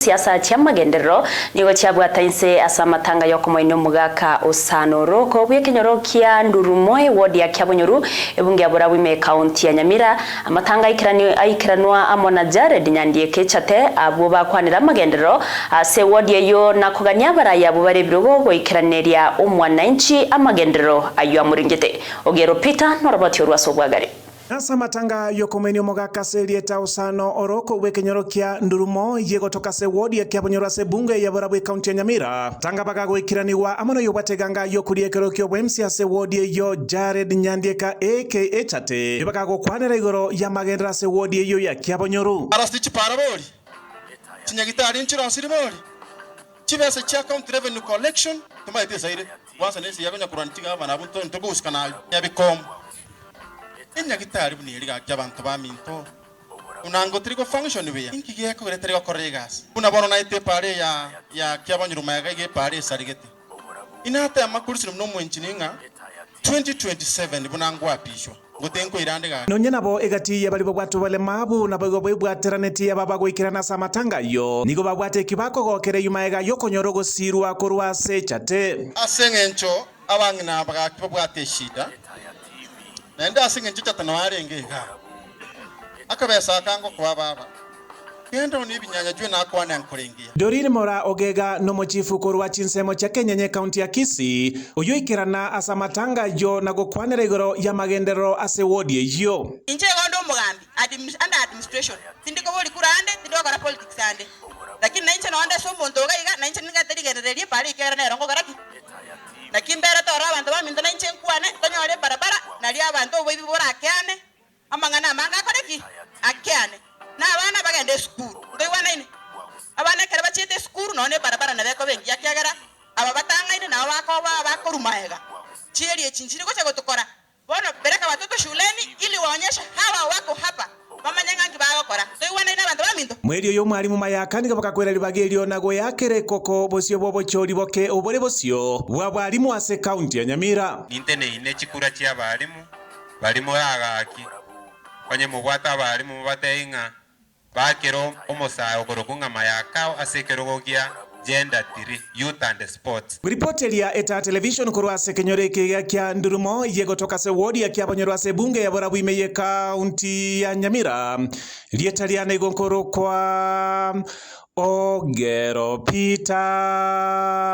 siasa kya magenderero nigo kyabwata inse asa matanga yoko moine omogaka osano oroko bwekenyoro kia ndurumoe wodi ya kiabonyoru ebunge abora wime kaunti ya nyamira amatanga aikiranwa amo na jared nyandieke chate abo bakwanera amagenderero ase wodi eyo nakogania abaraya abo barebire igo goikeraneria omwananchi amagenderero ayo amuringete ogero peter noroboti orwase obwagare asa matangayo komeniomo gakaselieta usano oroko bwe kenyoro kia ndurumo ye gotoka se wodi ya kiabonyorwa se bunge ya bora bwe kaunti ya nyamira tanga baga gwikiraniwa amono yo bateganga yo kuriekerokio bwe msia se wodi yo jared nyandieka aka chate ibaga gukwanira igoro ya magendera se wodi yo ya kiabonyoru arasichi paraboli chinyagitari nchiro asiriboli chibese chia county revenue collection tumaye pesa ile wansa nesi yagonya kurantiga abana bunto ntogo usikanayo yabikomba enya enyagitari buni erigaki abantu ba minto unango tiri go function beya inki ge ko tiri go koregas una bono na ite pare ya ya kya banyuru ma ga ge pare sarigete inata makurisi no mwenchininga 2027 bunangwa pishwa gutenko irandiga nonye nabo egati ya bali babwatu balemabu nabo babwatiranetie aba bagwikirana samatangayo nigo babwate kibako gokere yuma ega yokonyoro gosirwa korwa sechate aseng'encho abang'ina bagaki babwate shida naende asing'enchicha tana warenga igaro akabesa akango kwa baba Dorine Mora ogega nomochifu korwa chinsemo cha Kenyenye kaunti ya kisi Kisii uyuikirana asa matanga yo na gukwanira igoro ya magendero ase wodi eyo inje gondo mugambi Admi under administration sindiko kura ande sindiko gara politics ande lakini nainche no ande so muntu ogaiga nainche ninga terigerererie pale ikera nerongo garaki lakini bere tora abantu baminda nainche nkwane konyore barabara nari abantu obuibi burakeane amang'ana amange ki akeane na abana bagende school wana ine abana bachete school none barabara na beko bengi akiagara aba batang'aine na bakoba ba iga chieri echi nchiri gocha gotukora bono bereka watoto shuleni ili waonyeshe hawa wako hapa mweri uyu mwali mumayakaniga bakakwela libagelio nago yakele koko bosio bwa bocholi boke obore bosio bwa bwarimu ase kaunti ya nyamira ninte ine chikura chia balimu balimu yagaki kwanye mubwata balimu bateinga bakero omosayo gorokung'ama mayakao ase gogia gender 3 youth and sports ripoti ya eta television kurwase kinyore kiga kya ndurumo toka se wodi ya kyabonyerwase bunge ya borabuimeye kaunti ya nyamira na igonkoro kwa ogero pita